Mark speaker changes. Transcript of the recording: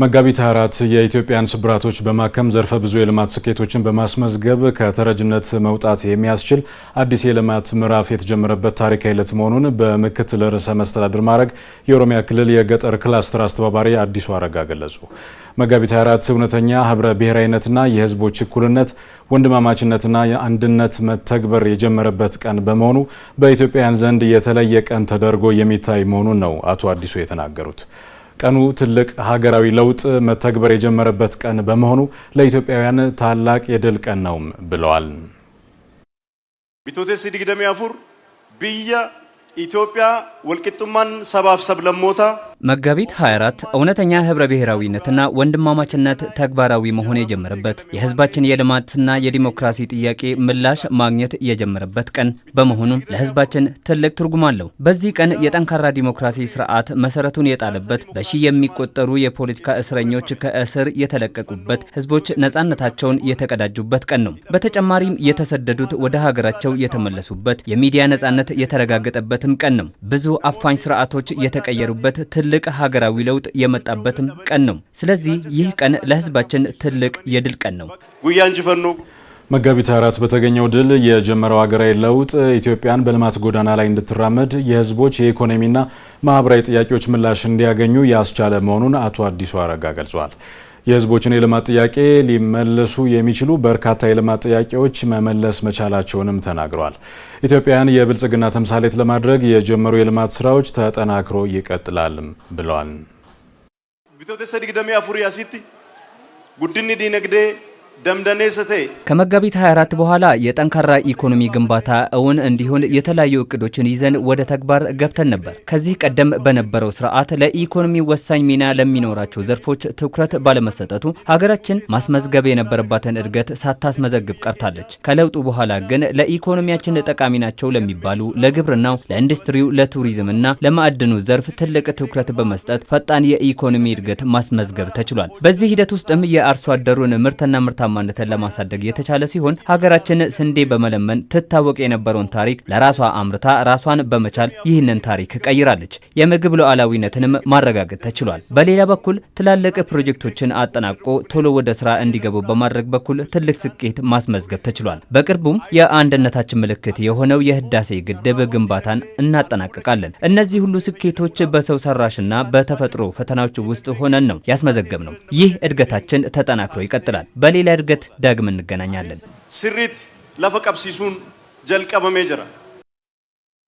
Speaker 1: መጋቢት አራት የኢትዮጵያን ስብራቶች በማከም ዘርፈ ብዙ የልማት ስኬቶችን በማስመዝገብ ከተረጅነት መውጣት የሚያስችል አዲስ የልማት ምዕራፍ የተጀመረበት ታሪካዊ ዕለት መሆኑን በምክትል ርዕሰ መስተዳድር ማዕረግ የኦሮሚያ ክልል የገጠር ክላስተር አስተባባሪ አዲሱ አረጋ ገለጹ። መጋቢት 24 እውነተኛ ህብረ ብሔራዊነትና የህዝቦች እኩልነት ወንድማማችነትና የአንድነት መተግበር የጀመረበት ቀን በመሆኑ በኢትዮጵያውያን ዘንድ የተለየ ቀን ተደርጎ የሚታይ መሆኑን ነው አቶ አዲሱ የተናገሩት። ቀኑ ትልቅ ሀገራዊ ለውጥ መተግበር የጀመረበት ቀን በመሆኑ ለኢትዮጵያውያን ታላቅ የድል ቀን ነው ብለዋል።
Speaker 2: ቢቶቴ ሲዲግ ደሚያፉር ብያ ኢትዮጵያ ወልቂጡማን ሰባፍ ሰብ ለሞታ
Speaker 3: መጋቢት 24 እውነተኛ ህብረ ብሔራዊነትና ወንድማማችነት ተግባራዊ መሆን የጀመረበት የህዝባችን የልማትና የዲሞክራሲ ጥያቄ ምላሽ ማግኘት የጀመረበት ቀን በመሆኑም ለህዝባችን ትልቅ ትርጉም አለው። በዚህ ቀን የጠንካራ ዲሞክራሲ ስርዓት መሰረቱን የጣለበት፣ በሺህ የሚቆጠሩ የፖለቲካ እስረኞች ከእስር የተለቀቁበት፣ ህዝቦች ነጻነታቸውን የተቀዳጁበት ቀን ነው። በተጨማሪም የተሰደዱት ወደ ሀገራቸው የተመለሱበት፣ የሚዲያ ነጻነት የተረጋገጠበትም ቀን ነው። ብዙ አፋኝ ስርዓቶች የተቀየሩበት ትልቅ ሀገራዊ ለውጥ የመጣበትም ቀን ነው። ስለዚህ ይህ ቀን ለህዝባችን ትልቅ የድል ቀን ነው።
Speaker 2: ጉያንጅፈኑ
Speaker 1: መጋቢት አራት በተገኘው ድል የጀመረው ሀገራዊ ለውጥ ኢትዮጵያን በልማት ጎዳና ላይ እንድትራመድ የህዝቦች የኢኮኖሚና ማህበራዊ ጥያቄዎች ምላሽ እንዲያገኙ ያስቻለ መሆኑን አቶ አዲሱ አረጋ ገልጿል። የህዝቦችን የልማት ጥያቄ ሊመለሱ የሚችሉ በርካታ የልማት ጥያቄዎች መመለስ መቻላቸውንም ተናግረዋል። ኢትዮጵያን የብልጽግና ተምሳሌት ለማድረግ የጀመሩ የልማት ስራዎች ተጠናክሮ ይቀጥላልም ብለዋል።
Speaker 2: ጉድን ዲነግዴ ደምደኔ ስቴ
Speaker 3: ከመጋቢት 24 በኋላ የጠንካራ ኢኮኖሚ ግንባታ እውን እንዲሆን የተለያዩ እቅዶችን ይዘን ወደ ተግባር ገብተን ነበር። ከዚህ ቀደም በነበረው ስርዓት ለኢኮኖሚ ወሳኝ ሚና ለሚኖራቸው ዘርፎች ትኩረት ባለመሰጠቱ ሀገራችን ማስመዝገብ የነበረባትን እድገት ሳታስመዘግብ ቀርታለች። ከለውጡ በኋላ ግን ለኢኮኖሚያችን ጠቃሚ ናቸው ለሚባሉ ለግብርናው፣ ለኢንዱስትሪው፣ ለቱሪዝምና ለማዕድኑ ዘርፍ ትልቅ ትኩረት በመስጠት ፈጣን የኢኮኖሚ እድገት ማስመዝገብ ተችሏል። በዚህ ሂደት ውስጥም የአርሶ አደሩን ምርትና ምርታ ምርታማነትን ለማሳደግ የተቻለ ሲሆን ሀገራችን ስንዴ በመለመን ትታወቅ የነበረውን ታሪክ ለራሷ አምርታ ራሷን በመቻል ይህንን ታሪክ ቀይራለች። የምግብ ሉዓላዊነትንም ማረጋገጥ ተችሏል። በሌላ በኩል ትላልቅ ፕሮጀክቶችን አጠናቆ ቶሎ ወደ ስራ እንዲገቡ በማድረግ በኩል ትልቅ ስኬት ማስመዝገብ ተችሏል። በቅርቡም የአንድነታችን ምልክት የሆነው የህዳሴ ግድብ ግንባታን እናጠናቀቃለን። እነዚህ ሁሉ ስኬቶች በሰው ሰራሽና በተፈጥሮ ፈተናዎች ውስጥ ሆነን ነው ያስመዘገብ ነው። ይህ እድገታችን ተጠናክሮ ይቀጥላል። በሌላ በቀጣይ እድገት ዳግም እንገናኛለን። ስሪት ለፈ ጀልቀ ጀልቀበሜ